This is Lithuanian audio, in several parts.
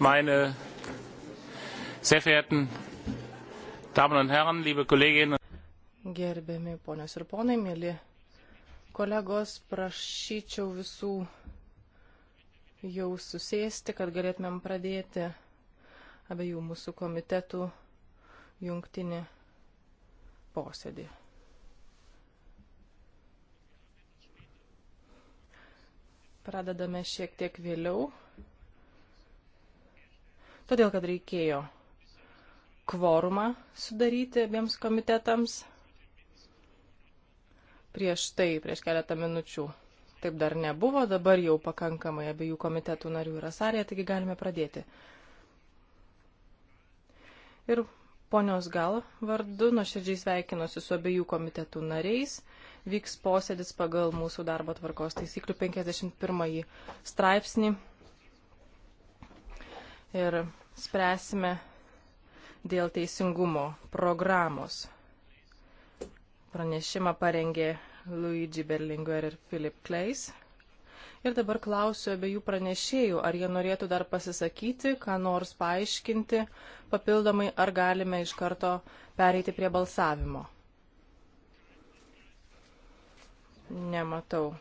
meine sehr verehrten Damen und Herren, liebe Kolleginnen. Gerbiami ponios ir ponai, mėly kolegos, prašyčiau visų jau susėsti, kad galėtumėm pradėti abiejų mūsų komitetų jungtinį posėdį. Pradedame šiek tiek vėliau todėl kad reikėjo kvorumą sudaryti abiems komitetams. Prieš tai, prieš keletą minučių taip dar nebuvo, dabar jau pakankamai abiejų komitetų narių yra sąrėje, taigi galime pradėti. Ir ponios gal vardu nuoširdžiai sveikinuosi su abiejų komitetų nariais. Vyks posėdis pagal mūsų darbo tvarkos taisyklių 51 straipsnį. Ir spręsime dėl teisingumo programos. Pranešimą parengė Luigi Berlinguer ir Philip Kleis. Ir dabar klausiu abiejų pranešėjų, ar jie norėtų dar pasisakyti, ką nors paaiškinti papildomai, ar galime iš karto pereiti prie balsavimo. Nematau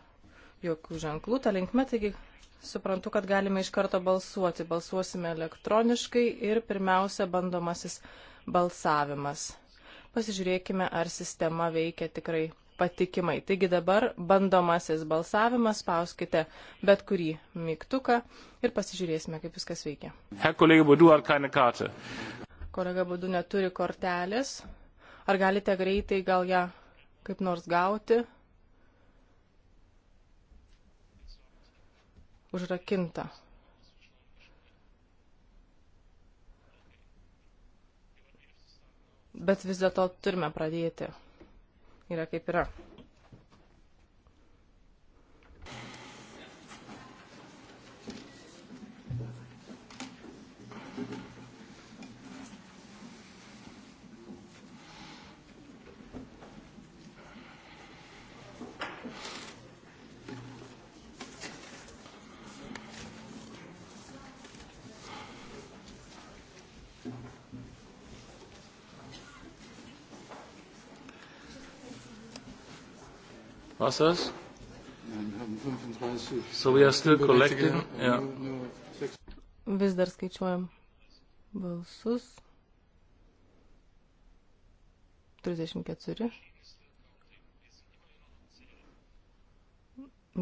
jokių ženklų tą linkme, taigi suprantu, kad galime iš karto balsuoti. Balsuosime elektroniškai ir pirmiausia bandomasis balsavimas. Pasižiūrėkime, ar sistema veikia tikrai patikimai. Taigi dabar bandomasis balsavimas, spauskite bet kurį mygtuką ir pasižiūrėsime, kaip viskas veikia. Herr kolega Budu, ar keine Karte? Kolega Budu neturi kortelės. Ar galite greitai gal ją kaip nors gauti? užrakinta. Bet vis dėlto turime pradėti. Yra kaip yra. Was das? So we are still collecting. Yeah. Vis dar skaičiuojam balsus. 34.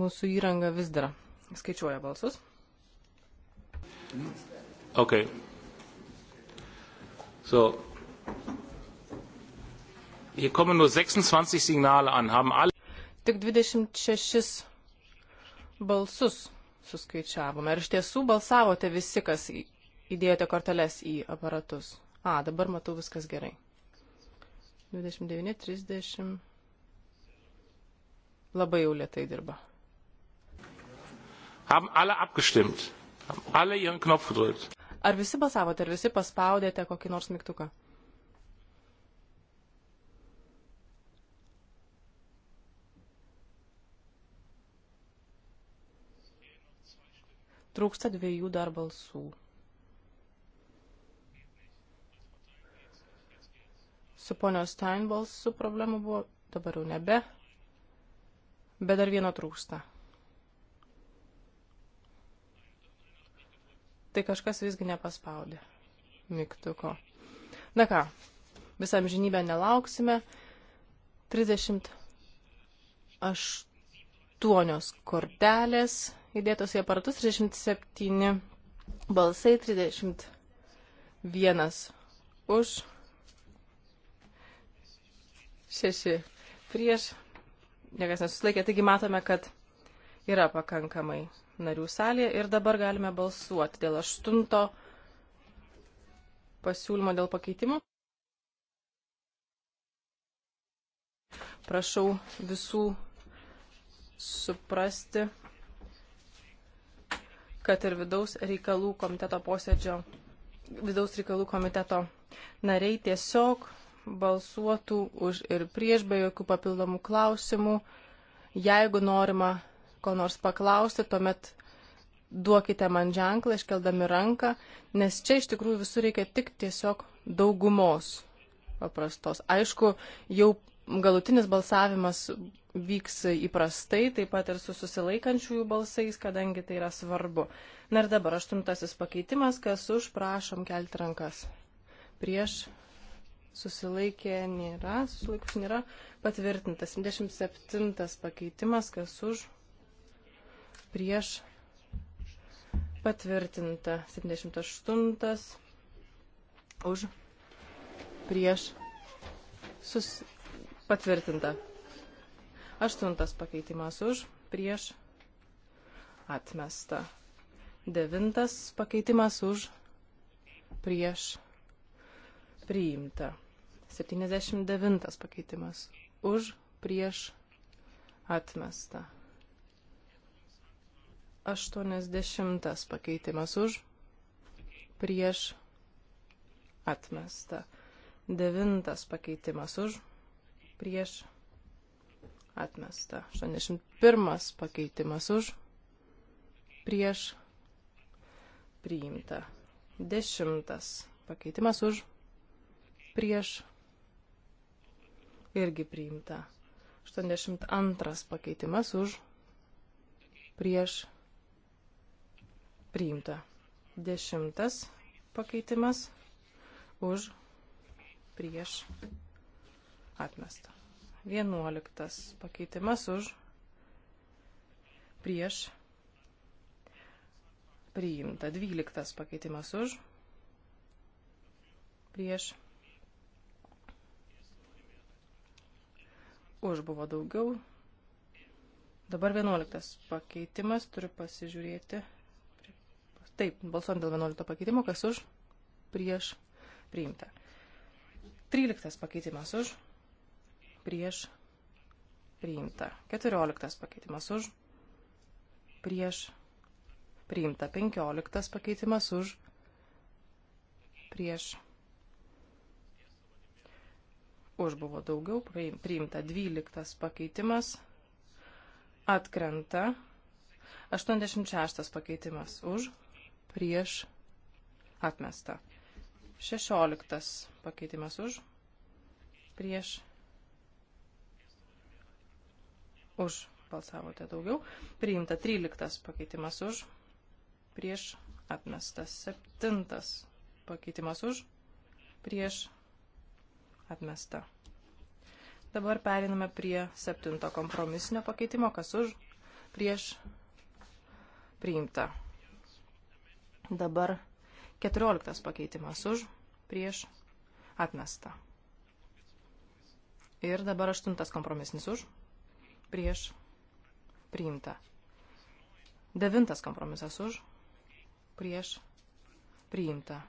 Mūsų įranga vis dar skaičiuoja balsus. Okay. So, hier kommen nur 26 Signale an. Haben alle tik 26 balsus suskaičiavome. Ir iš tiesų balsavote visi, kas įdėjote korteles į aparatus. A, dabar matau viskas gerai. 29, 30. Labai jau lietai dirba. Haben alle abgestimmt. Haben alle ihren Knopf gedrückt. Ar visi balsavote, ar visi paspaudėte kokį nors mygtuką? Trūksta dviejų dar balsų. Su ponio Steinbalsu problemų buvo, dabar jau nebe, bet dar vieno trūksta. Tai kažkas visgi nepaspaudė mygtuko. Na ką, visam žinybę nelauksime. 38 aštuonios kortelės įdėtos į aparatus, 37 balsai, 31 už, 6 prieš, niekas nesuslaikė, taigi matome, kad yra pakankamai narių salėje ir dabar galime balsuoti dėl aštunto pasiūlymo dėl pakeitimų. Prašau visų suprasti, kad ir vidaus reikalų komiteto posėdžio, vidaus reikalų komiteto nariai tiesiog balsuotų už ir prieš be jokių papildomų klausimų. Jeigu norima ko nors paklausti, tuomet duokite man ženklą, iškeldami ranką, nes čia iš tikrųjų visur reikia tik tiesiog daugumos paprastos. Aišku, jau galutinis balsavimas vyks įprastai, taip pat ir su susilaikančiųjų balsais, kadangi tai yra svarbu. Na ir dabar aštuntasis pakeitimas, kas už, prašom kelti rankas. Prieš susilaikė nėra, susilaikus nėra, patvirtintas. 77 pakeitimas, kas už, prieš patvirtinta. 78 už, prieš susilaikė Patvirtinta. Aštuntas pakeitimas už, prieš, atmesta. Devintas pakeitimas už, prieš, priimta. 79 pakeitimas už, prieš, atmesta. 80 pakeitimas už, prieš, atmesta. Devintas pakeitimas už, prieš atmesta. 81 pakeitimas už prieš priimta. 10 pakeitimas už prieš irgi priimta. 82 pakeitimas už prieš priimta. 10 pakeitimas už prieš priimta Atmesta. Vienuoliktas pakeitimas už prieš priimta. Dvyliktas pakeitimas už prieš. Už buvo daugiau. Dabar vienuoliktas pakeitimas. Turiu pasižiūrėti. Taip, balsuojant dėl vienuolikto pakeitimo, kas už prieš priimta. Tryliktas pakeitimas už prieš priimta. 14 pakeitimas už prieš priimta. 15 pakeitimas už prieš. Už buvo daugiau priimta. 12 pakeitimas atkrenta. 86 pakeitimas už prieš atmesta. 16 pakeitimas už prieš už balsavote daugiau. Priimta 13 pakeitimas už, prieš atmestas 7 pakeitimas už, prieš atmesta. Dabar periname prie 7 kompromisinio pakeitimo, kas už, prieš priimta. Dabar 14 pakeitimas už, prieš atmesta. Ir dabar 8 kompromisinis už, prieš priimta. Devintas kompromisas už prieš priimta.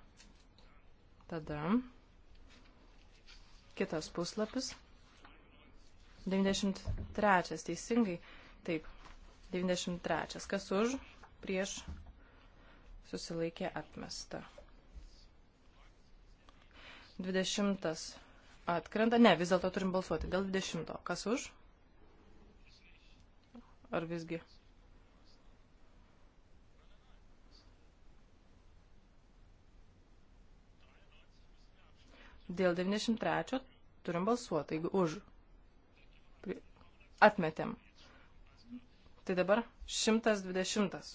Tada kitas puslapis. 93 teisingai. Taip, 93. Kas už prieš susilaikė atmesta. 20 atkrenta. Ne, vis dėlto turim balsuoti dėl 20. Kas už? ar visgi? Dėl 93 turim balsuoti, jeigu už. Atmetėm. Tai dabar 120.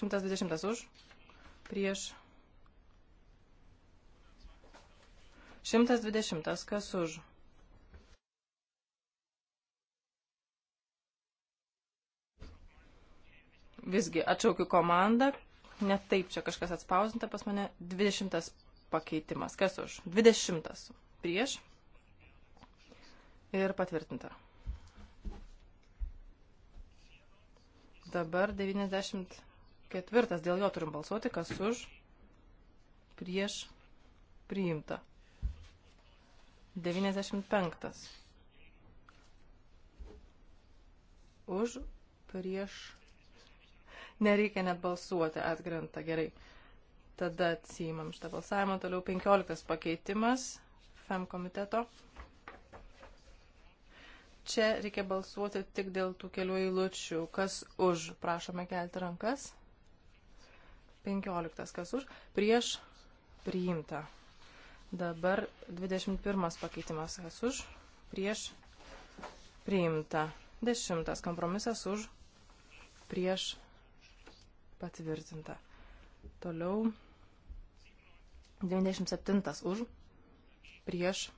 120 už. Prieš. 120 kas už. Visgi atšaukiu komandą, net taip čia kažkas atspausinta pas mane, 20 pakeitimas. Kas už? 20 prieš ir patvirtinta. Dabar 94. Dėl jo turim balsuoti, kas už, prieš, priimta. 95. Už, prieš, Nereikia net balsuoti, atkrenta gerai. Tada atsijimam šitą balsavimą. Toliau 15 pakeitimas FEM komiteto. Čia reikia balsuoti tik dėl tų kelių eilučių. Kas už? Prašome kelti rankas. 15. Kas už? Prieš priimta. Dabar 21 pakeitimas. Kas už? Prieš priimta. 10. Kompromisas už prieš patvirtinta. Toliau 97 už, prieš,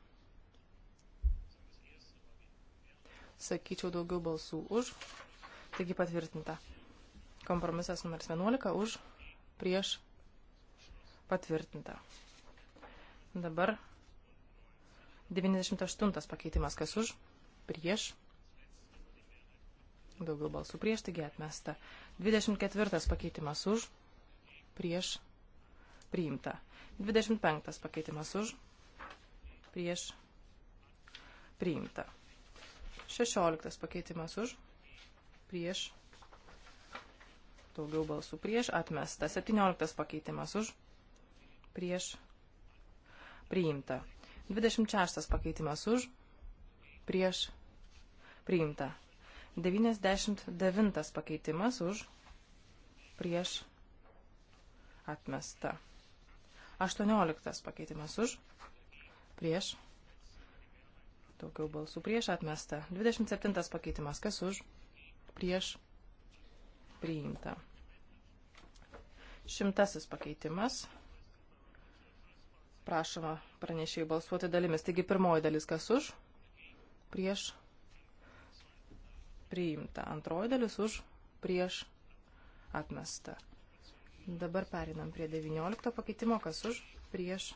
sakyčiau, daugiau balsų už, taigi patvirtinta. Kompromisas numeris 11 už, prieš, patvirtinta. Dabar 98 pakeitimas, kas už, prieš, patvirtinta Daugiau balsų prieš, taigi atmesta. 24 pakeitimas už, prieš, priimta. 25 pakeitimas už, prieš, priimta. 16 pakeitimas už, prieš, daugiau balsų prieš, atmesta. 17 pakeitimas už, prieš, priimta. 26 pakeitimas už, prieš, priimta. 99 pakeitimas už prieš atmesta. 18 pakeitimas už prieš daugiau balsų prieš atmesta. 27 pakeitimas kas už prieš priimta. Šimtasis pakeitimas. Prašoma pranešėjų balsuoti dalimis. Taigi pirmoji dalis kas už prieš atmesta priimta. Antroji dalis už prieš atmesta. Dabar perinam prie 19 pakeitimo, kas už prieš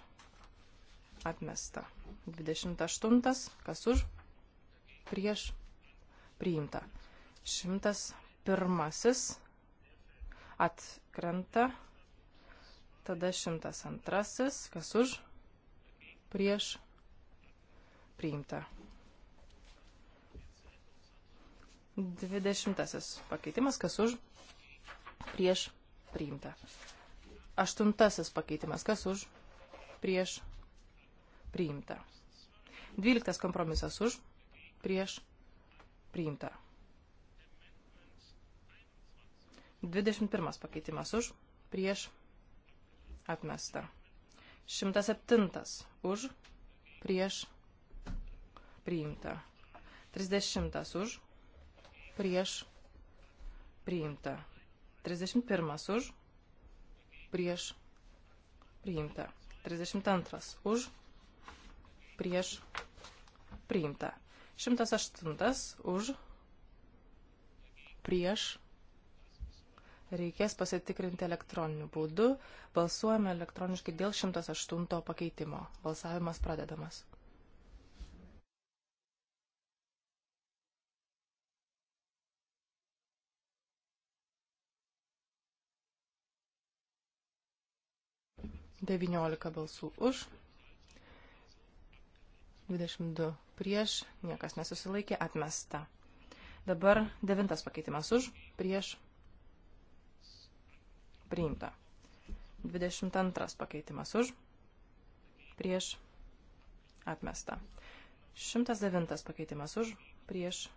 atmesta. 28, kas už prieš priimta. 101 atkrenta. Tada 102, kas už prieš priimta. Dvidešimtasis pakeitimas, kas už, prieš, priimta. Aštuntasis pakeitimas, kas už, prieš, priimta. Dvyliktas kompromisas už, prieš, priimta. Dvidešimt pirmas pakeitimas už, prieš, atmesta. Šimtas septintas už, prieš, priimta. Trisdešimtas už, prieš priimta. 31 už prieš priimta. 32 už prieš priimta. 108 už prieš reikės pasitikrinti elektroniniu būdu. Balsuojame elektroniškai dėl 108 pakeitimo. Balsavimas pradedamas. 19 balsų už, 22 prieš, niekas nesusilaikė, atmesta. Dabar devintas pakeitimas už, prieš, priimta. 22 pakeitimas už, prieš, atmesta. 109 pakeitimas už, prieš,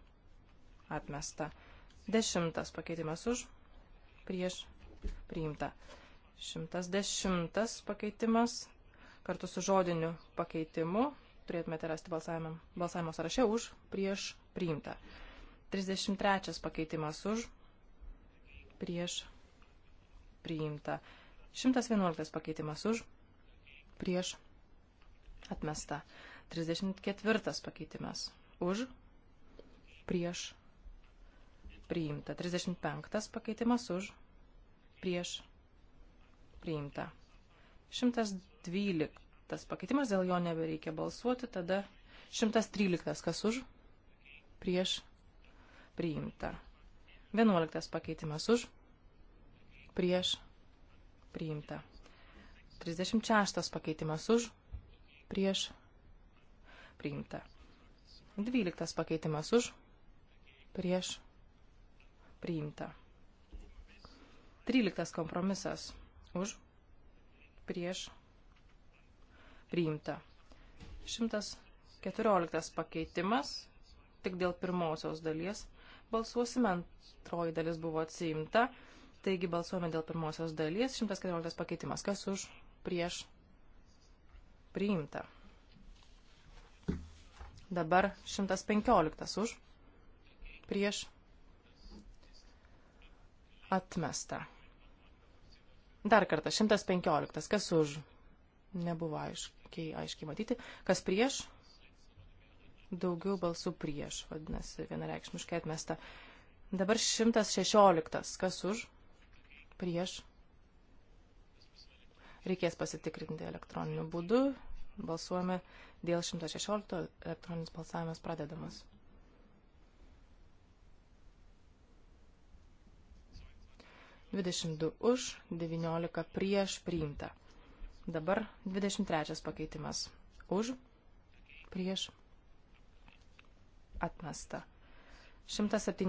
atmesta. 10 pakeitimas už, prieš, priimta. 110 pakeitimas kartu su žodiniu pakeitimu. Turėtumėte rasti balsavimo, balsavimo sąraše už, prieš, priimta. 33 pakeitimas už, prieš, priimta. 111 pakeitimas už, prieš, atmesta. 34 pakeitimas už, prieš, priimta. 35 pakeitimas už, prieš, atmesta priimta. 112 pakeitimas, dėl jo nebereikia balsuoti, tada 113 kas už, prieš, priimta. 11 pakeitimas už, prieš, priimta. 36 pakeitimas už, prieš, priimta. 12 pakeitimas už, prieš, priimta. 13 kompromisas už, prieš, priimta. 114 pakeitimas, tik dėl pirmosios dalies balsuosime, antroji dalis buvo atsiimta, taigi balsuojame dėl pirmosios dalies, 114 pakeitimas, kas už, prieš, priimta. Dabar 115 už, prieš, atmesta. Dar kartą, 115. Kas už? Nebuvo aiškiai, aiškiai matyti. Kas prieš? Daugiau balsų prieš, vadinasi, vienareikšmiškai atmesta. Dabar 116. Kas už? Prieš. Reikės pasitikrinti elektroniniu būdu. Balsuojame dėl 116. Elektroninis balsavimas pradedamas. 22 už, 19 prieš priimta. Dabar 23 pakeitimas. Už, prieš, atmesta. 117.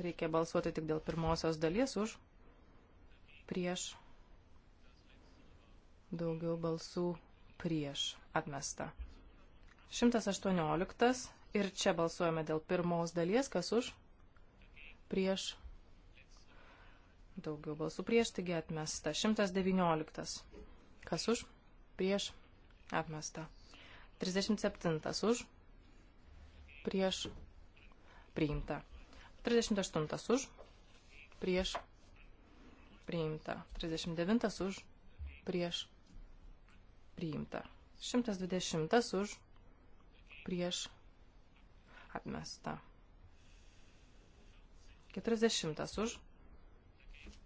Reikia balsuoti tik dėl pirmosios dalies už, prieš, daugiau balsų prieš, atmesta. 118. Ir čia balsuojame dėl pirmos dalies, kas už, prieš, atmesta Daugiau balsų prieš, taigi atmesta. 119. Kas už? Prieš. Atmesta. 37. Už. Prieš. Priimta. 38. Už. Prieš. Priimta. 39. Už. Prieš. Priimta. 120. Už. Prieš. Atmesta. 40. Už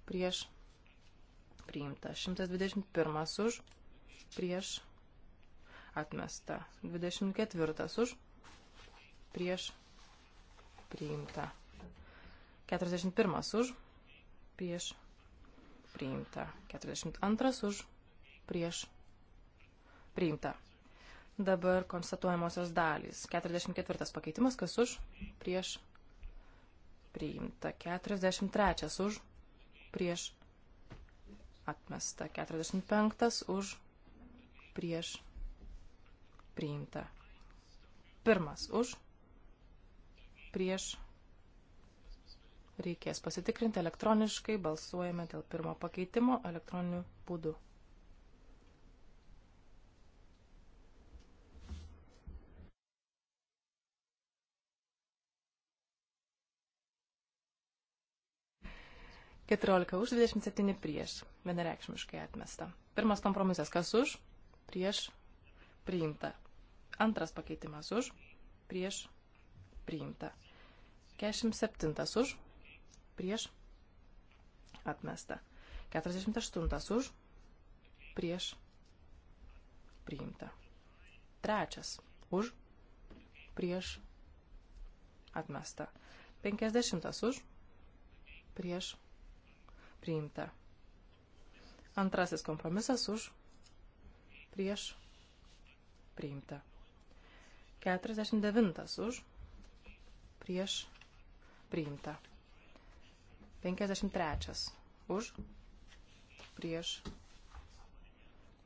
prieš priimta. 121 už prieš atmesta. 24 už prieš priimta. 41 už prieš priimta. 42 už prieš priimta. Dabar konstatuojamosios dalys. 44 pakeitimas, kas už prieš priimta. 43 už prieš priimta prieš atmesta, 45 už prieš priimta. Pirmas už prieš reikės pasitikrinti elektroniškai, balsuojame dėl pirmo pakeitimo elektroniniu būdu. 14 už, 27 prieš. Vienareikšmiškai atmesta. Pirmas kompromisas, kas už, prieš, priimta. Antras pakeitimas už, prieš, priimta. 47 už, prieš, atmesta. 48 už, prieš, priimta. Trečias už, prieš, atmesta. 50 už, prieš, atmesta priimta. Antrasis kompromisas už, prieš, priimta. 49 už, prieš, priimta. 53 už, prieš,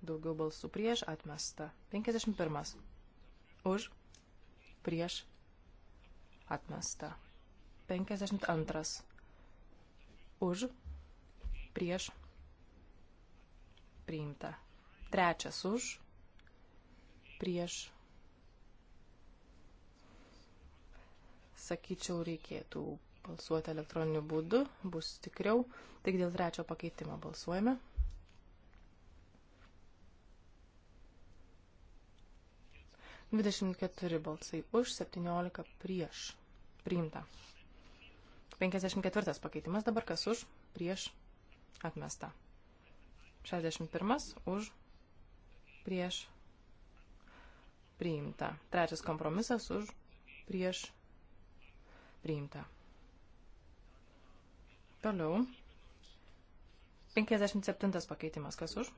daugiau balsų prieš, atmesta. 51 už, prieš, atmesta. 52 už, prieš prieš priimta. Trečias už prieš. Sakyčiau, reikėtų balsuoti elektroniniu būdu, bus tikriau. Tik dėl trečio pakeitimo balsuojame. Dvidešimt keturi balsai už, septyniolika prieš. Priimta. Penkiasdešimt ketvirtas pakeitimas dabar kas už, prieš, prieš Atmesta. 61 už prieš priimta. Trečias kompromisas už prieš priimta. Toliau. 57 pakeitimas. Kas už?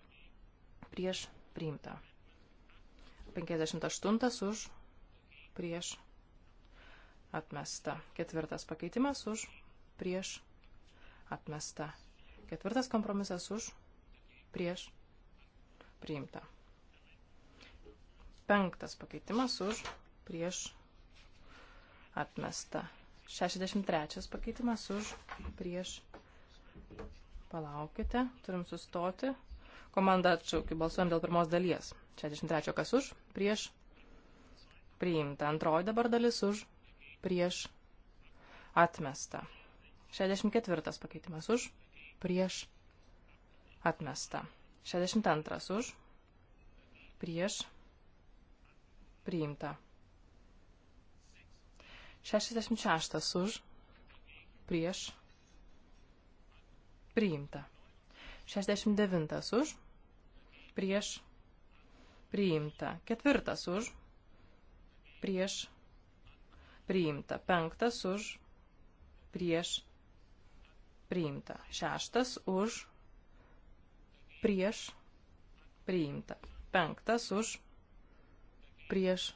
Prieš priimta. 58 už prieš atmesta. Ketvirtas pakeitimas už prieš atmesta. Ketvirtas kompromisas už, prieš, priimta. Penktas pakeitimas už, prieš, atmesta. 63 pakeitimas už, prieš, palaukite, turim sustoti. Komanda atšaukia, balsuojam dėl pirmos dalies. 63 kas už, prieš, priimta. Antroji dabar dalis už, prieš, atmesta. 64 pakeitimas už, prieš atmesta. 62 už prieš priimta. 66 už prieš priimta. 69 už prieš priimta. Ketvirtas už prieš priimta. Penktas už prieš priimta priimta. Šeštas už, prieš, priimta. Penktas už, prieš,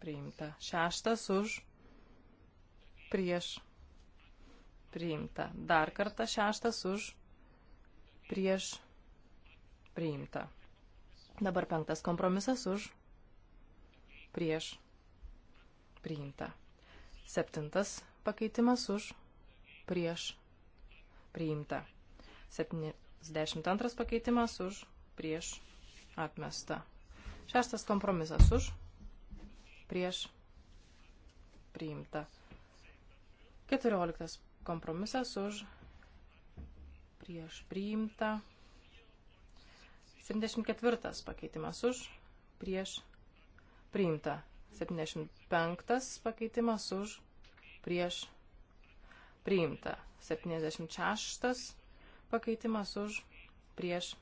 priimta. Šeštas už, prieš, priimta. Dar kartą šeštas už, prieš, priimta. Dabar penktas kompromisas už, prieš, priimta. Septintas pakeitimas už, prieš, priimta priimta. 72 pakeitimas už prieš atmesta. Šeštas kompromisas už prieš priimta. 14 kompromisas už prieš priimta. 74 pakeitimas už prieš priimta. 75 pakeitimas už prieš priimta priimta. 76 pakeitimas už prieš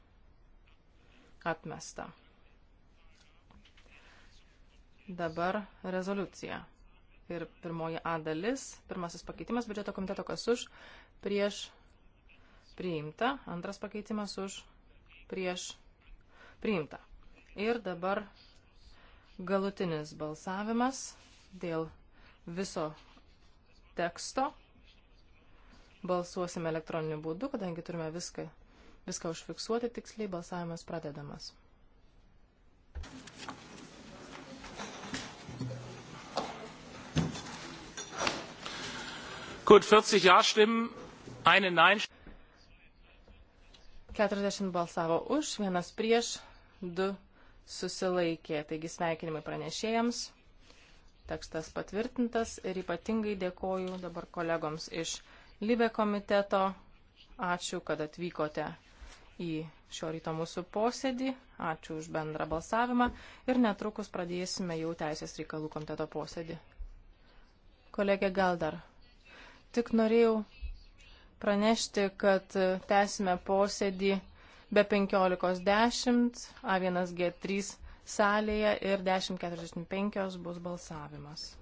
atmestą. Dabar rezoliucija. Ir pirmoji A dalis, pirmasis pakeitimas biudžeto komiteto kas už, prieš priimta, antras pakeitimas už, prieš priimta. Ir dabar galutinis balsavimas dėl viso teksto balsuosime elektroniniu būdu, kadangi turime viską, viską užfiksuoti tiksliai, balsavimas pradedamas. Gut, 40 Ja-Stimmen, eine Nein. 40 balsavo už, vienas prieš, du susilaikė. Taigi sveikinimai pranešėjams. Tekstas patvirtintas ir ypatingai dėkoju dabar kolegoms iš Libe komiteto. Ačiū, kad atvykote į šio ryto mūsų posėdį. Ačiū už bendrą balsavimą ir netrukus pradėsime jau Teisės reikalų komiteto posėdį. Kolegė Galdar, tik norėjau pranešti, kad tęsime posėdį be 15.10 A1G3 salėje ir 10.45 bus balsavimas.